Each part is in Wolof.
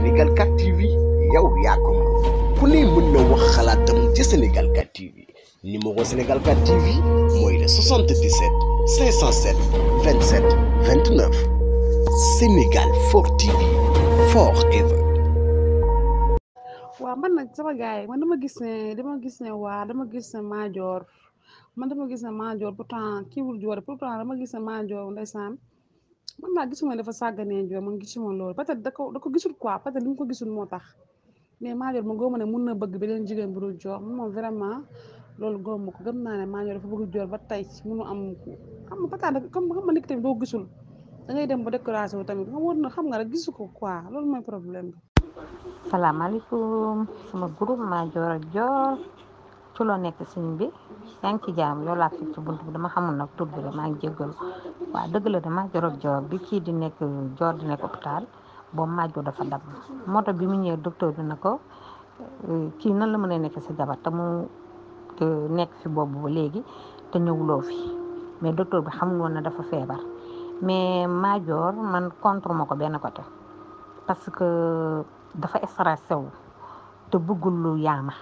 Sénégal 4 TV yow yaa ko moom ku ne mën na wax xalaatam ci Sénégal 4 TV numéro Sénégal 4 TV mooy Sénégal 4 TV forever. waaw man nag sama gars yi man dama gis ne dama gis ne waa dama gis ne Madior man dama gis ne Madior pourtant kiiwul joore pourtant dama gis ne Madior ndeysaan man naa gisuma dafa sàgganee njooy man gisuma loolu peut-être da ko da ko gisul quoi peut-être li mu gisul moo tax mais ma góoma ne mun na bëgg beneen jigéen bu dul joor moom vraiment loolu góoma ko gëm naa ne Madior dafa bëgg joor ba tey am xam nga comme xam nga nit tamit doo gisul da ngay dem ba découragé wu tamit xam nga xam nga rek gisu ko loolu mooy problème bi. salaamaaleykum sama groupe Madior a Dior ci loo nekk siñ bi. yaa ngi ci jaam loolu laa fekk ci bunt bi dama xamul nag tur bi la maa ngi jéggalu waaw dëgg la dama jorob joor bi kii di nekk joor di nekk hôpital boo maaj bu dafa dab moto bi mu ñëwee docteur bi na ko euh, kii nan la mën a nekk sa jabar nekk fi boobu ba léegi te ñëwuloo fi mais docteur bi xamul woon dafa feebar mais maajoor man contre ma ko benn côté parce que dafa stressé wu te bëggul lu yaama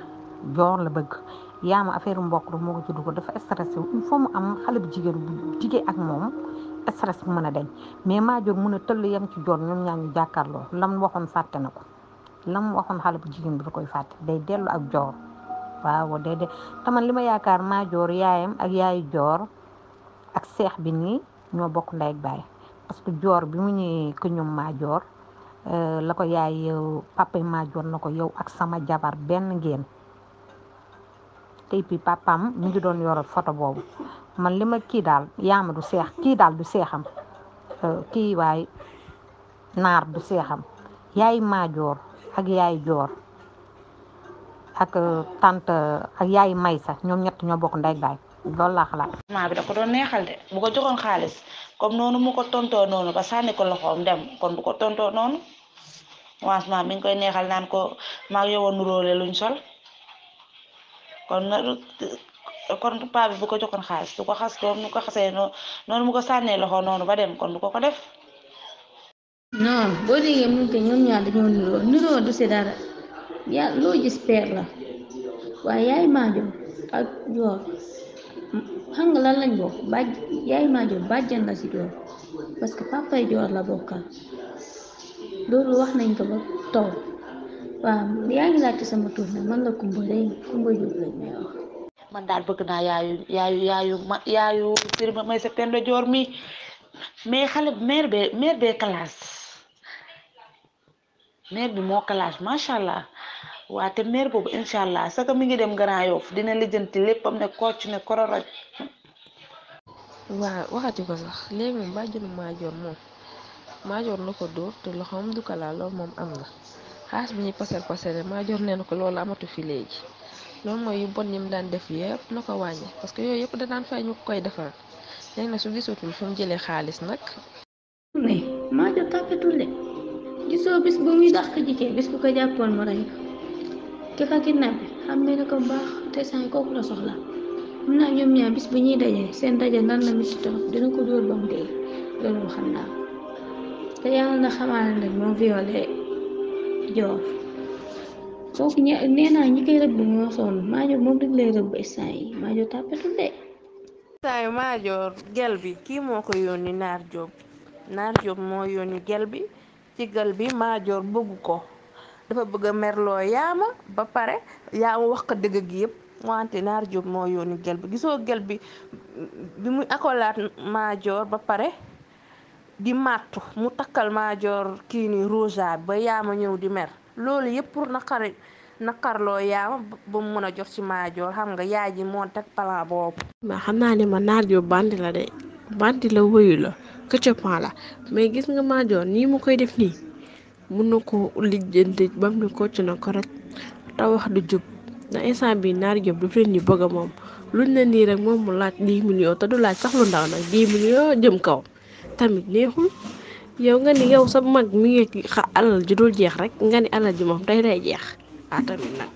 joor la bëgg yaa ma affaire mbokk moo ko ci dugal dafa stressé il faut mu am xale bu jigéen bu jigéen ak moom stress bu mën a dañ mais maa mun mën a tëll yem ci joor ñoom ñaa ñu jàkkaarloo lam waxoon fàtte na ko lam waxoon xale bu jigéen bi da koy fàtte day dellu ak joor waaw day de taman li ma yaakaar maa yaayam ak yaayu joor ak seex bi nii ñoo bokk ndey ak baay parce que joor bi mu ñëwee ko ñoom maa euh, la ko yaay pape papa maa na ko yow ak sama jabar benn ngeen tey bi papaam ñu ngi doon yoro photo boobu man li ma kii daal yaama du seex kii daal du seexam euh, kii waay naar du seexam yaay maajoor ak yaay joor ak euh, tante ak yaay may sax ñoom ñett ñoo bokk ndey baay loolu laa xalaat. maa bi da ko doon neexal de bu ko joxoon xaalis comme noonu mu ko tontoo noonu ba sànni ko loxoom dem kon bu ko tontoo noonu waas maa mi koy neexal naan ko maa yowoon nuróole luñ sol. kon kon paa bi bu ko joxoon xaalis du ko xas doom nu ko xasee noonu noonu mu ko sànnee loxo noonu ba dem kon du ko ko def. non boo déggee mu ngi ñoom ñaar dañoo niroo niroo du si dara ya loo gis peer la waaye yaay maajo ak joor xam lan lañ bokk bàjj yaay maajo bàjjan la si joor parce que papay joor la bokkal loolu wax nañ ko ba taw. waaw yaa ngi laajte sama tur man la Kumba léegi lañ may wax. man daal bëgg naa yaayu yaayu ma yaayu Birima Maysa Joor mi mais xale mère bee mère bee classe mère bi moo classe macha allah waa te mère boobu incha allah sa mi ngi dem Grand Yoff dina lijjanti léppam ne kocc ne kororoj. waaw waxati ko sax léegi moom bàjjenu maajoor moom maajoor na ko dóor te loxoom du ko moom am na. xaas bi ñu pasar pasare maajoor nee na ko loolu amatu fi léegi loolu mooy yu bon yi mu daan def yëpp na ko wàññi parce que yooyu yëpp da daan fay ñu koy defar léegi nag su gisatul xaalis nag. ne maajoor tàppetul de gisoo bis bu muy ko jàppoon mu rey ki ko la soxla mun naa bu ñuy daje seen daje nan la métti trop dina ko dóor na xamal moom violé. joor kooku nee naa ñi koy rëbb ñoo sonn maajo moom rek lay rëbb instant yi maajo tàppatul gel bi kii moo ko yónni naar jóob naar jóob moo yónni gel bi ci gel bi maajoor bëgg ko dafa bëgg a merloo yaama ba pare yaama wax ko dëgg gi yëpp wante naar jóob moo yónni gel bi gisoo gel bi bi muy akolaat maajoor ba pare di màttu mu takkal maajoor kii ni rosa ba a ñëw di mer loolu yëpp pour naqari naqarloo ba mu mën a jox ci maajoor xam nga yaay ji moo teg boobu mais xam naa ne ma naar jo bandi la de bandi la wëyu la këccapan la mais gis nga maajoor nii mu koy def nii mun na ko lijjanti bam ni kocc na ko rek te wax du jub na instant bi naar Diop daf leen ñu bëgg a moom luñ ne nii rek moom mu laaj 10 millions te du laaj sax lu ndaw nag 10 millions jëm kaw tamit neexul yow nga ni yow sa mag mi ngi xa alal ju dul jeex rek nga ni alal ji moom day day jeex ah tamit nag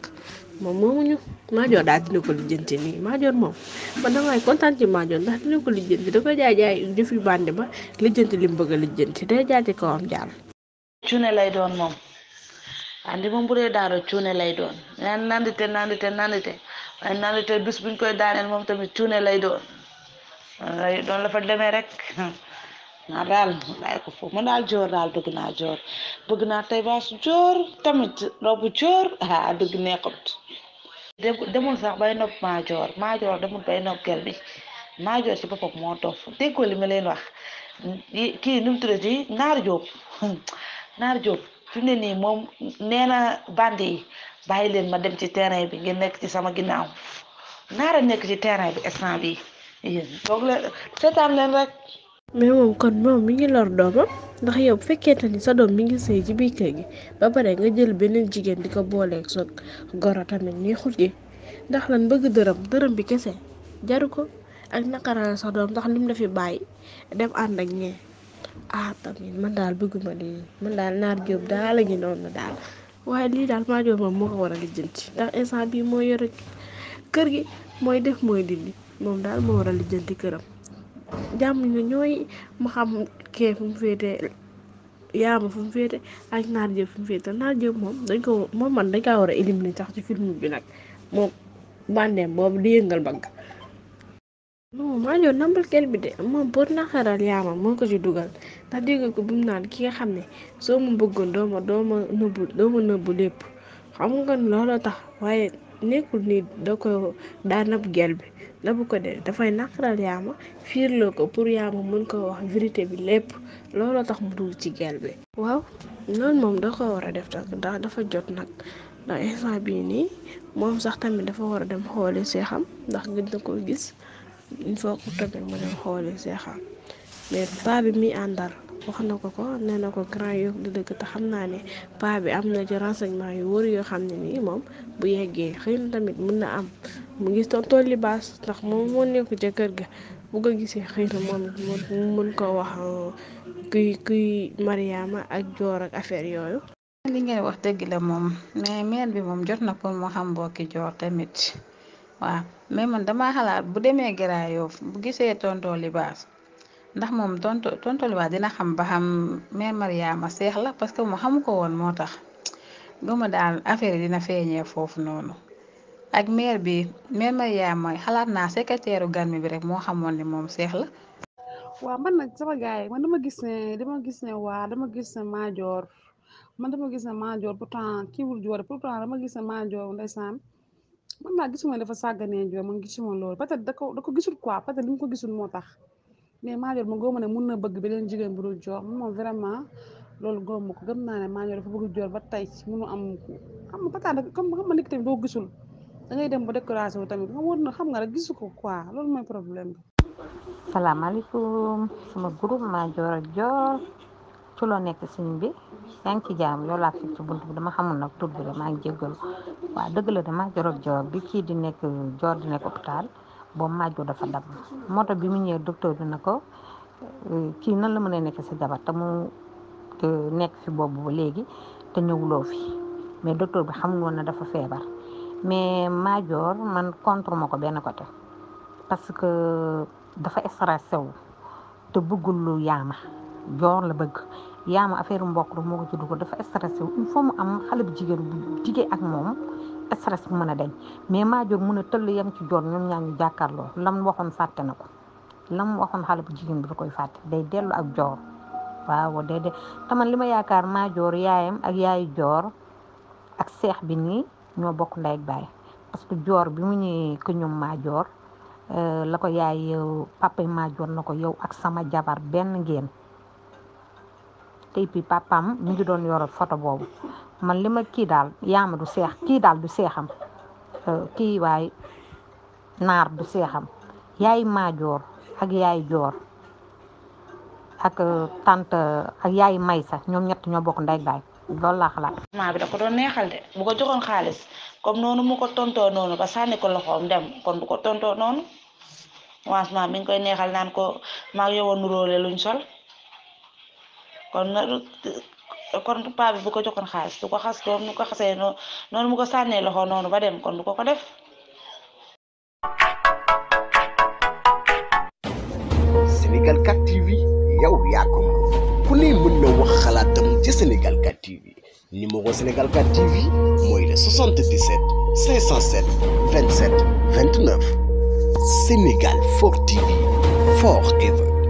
moom moomuñu maajoor daal dina ko lijjanti nii maajoor moom man damay kontaan ci maajoor ndax dina ko lijjanti da koy jaay jaay yu bande ba lijjanti lim bëgg a lijjanti day jaay ci kawam jàll cuune lay doon moom andi moom bu dee daaro cuune lay doon naan nandite nandite nandite waaye nandite dus buñ koy daaneel moom tamit cuune lay doon doon la fa demee rek naa daal bàyyi ko foofu man daal joor daal bëgg naa joor bëgg naa tey baas joor tamit robu joor ah dëgg neexut demul sax bay nopp maa joor maa joor demul bay nopp gel bi maa joor ci boppam moo dof déggoo li ma leen wax kii nu mu tuddati naar jóob naar jóob fi ne nii moom nee na bandi yi bàyyi leen ma dem ci terrain bi ngeen nekk ci sama ginnaaw naara nekk ci terrain bi instant bi toog leen seetaan leen rek mais moom kon moom mi ngi lor doomam ndax yow bu fekkente ni sa doom mi ngi sëy ci biir kër gi ba pare nga jël beneen jigéen di ko booleeg sa goro tamit ñuy xul gi ndax lan bëgg dërëm dërëm bi kese jaru ko ak naqaraan sa doom ndax lim la fi bàyyi dem ànd ak ñee ah tamit man daal bëgguma lii man daal naar jóob daal a ngi noonu daal waaye lii daal maa jóob moom moo ko war a lijjanti ndax instant bii moo yore kër gi mooy def mooy dindi moom daal moo war a lijjanti këram. jàmm ñu ñooy ma xam kee fu mu féete yaama fu mu ak naar jëf fu mu naar jëf moom dañ ko moom man dañ war a éliminer sax ci film bi nag moom bàndeem boobu di yëngal bagg non maa joon nambal kel bi de moom pour naxaral yaama moo ko ci dugal ndax dégg ko bu naan ki nga xam ne soo ma bëggoon doo ma nëbbu doo nëbbu lépp xam nga looloo tax waaye nekkul ni da ko daa nab gel bi la bu ko def dafay naqaral yaama fiirloo ko pour yaama mën ko wax vérité bi lépp looloo tax mu dugg ci gel bi waaw loolu moom da ko war a def nag ndax dafa jot nag ndax instant bii nii moom sax tamit dafa war a dem xooli seexam ndax gën na gis il faut que tamit mu dem xooli seexam mais paa bi muy àndal wax na ko ko nee na ko grand yof di dëgg te xam naa ne paa bi am na ci renseignement yu wër yoo xam ne nii moom bu yeggee xëy tamit mun na am mu gis tonton libaas ndax moom moo nekk ca kër ga bu ko gisee xëy na moom mën ko wax uh, kuy kuy mariama ak joor ak affaire yooyu li ngay wax dëgg moom mais mère bi moom jot na pour moo xam mbokki joor tamit waaw mais man dama xalaat bu demee Grand Yoff bu gisee tonton libaas ndax moom tontu tontoluwaa dina xam ba xam mère Mariama seex la parce que mu xamu ko woon moo tax gëma daal affaire yi dina feeñee foofu noonu ak mère bi mère mooy xalaat naa secrétaire gan mi bi rek moo xamoon ne moom seex la. waaw man nag sama gars yi man dama gis ne dama gis ne waa dama gis ne maajoor man dama gis ne maajoor pourtant kiiwul joor pourtant dama gis ne maajoor ndeysaan man maa gisuma dafa sàgganee joor man gisuma loolu peut-être da ko da ko gisul quoi peut-être ko gisul moo tax. mais Malior mo goma ne mun na bëgg benen jigen bu dul joor moom vraiment loolu gom ko gëm na ne Malior fa bëgg jor ba tay ci munu am xam am pataana comme xam nga nek tamit doo gisul da ngay dem ba décoration wu tamit nga wóor xam nga rek gisuko quoi loolu moy problème salam alaykum sama groupe ma jor jor ci lo nek siñ bi yaa ngi ci jaam loolu laa fekk ci buntu dama xamul nak tuddu bi la maa ngi jéggal wa deug la dama jorog jor bi ki di nek jor di nek hôpital boo maaj bu dafa dab moto bi mu ñëwee docteur bi na ko euh, kii nan la mën a nekk sa jabar te nekk fi boobu ba léegi te ñëwuloo fi mais docteur bi xamul woon ne dafa feebar mais maajoor man contre ma ko benn côté parce que dafa stressé wu te bëggul lu yaama joor la bëgg yaama affaire mbokk moo ko ci dugal dafa stressé wu il faut mu am xale bu jigéen bu jigéen ak moom stress mën a dañ mais maa jóg mun a tëll yam ci joor ñoom ñaa ngi jàkkaarloo lam waxoon fàtte na ko lam waxoon xale bu jigéen bi da koy fàtte day dellu ak joor waaw day de taman li ma yaakaar maa joor yaayam ak yaayu joor ak seex bi nii ñoo bokk ndey ak baay parce que joor bi mu ñëwee ko ñoom maa joor euh, la ko yaay yow papa maa joor na ko yow ak sama jabar benn ngeen tey bi papam mu ngi doon yoro photo boobu man li ma kii daal yaama du seex kii daal du seexam euh, kii waay naar du seexam yaay maajoor ak yaay joor ak euh, tante ak may sax ñoom ñett ñoo bokk ndey baay loolu laa xalaat. maa bi da ko doon neexal de bu ko joxoon xaalis comme noonu mu ko tontoo noonu ba sànni ko loxoom dem kon bu ko tontoo noonu wancement mi ngi koy neexal naan ko maa yowoon nuróole luñ sol kon paa bi bu ko joxoon xaalis du ko xas doom nu ko xasee noonu noonu mu ko sànnee loxo noonu ba ko ko def Sénégal 4 TV yow yaa ko ku ne mën na wax xalaatam ci Sénégal 4 TV numéro Sénégal 4 TV mooy le 77 507 27 29 Sénégal 4 TV forever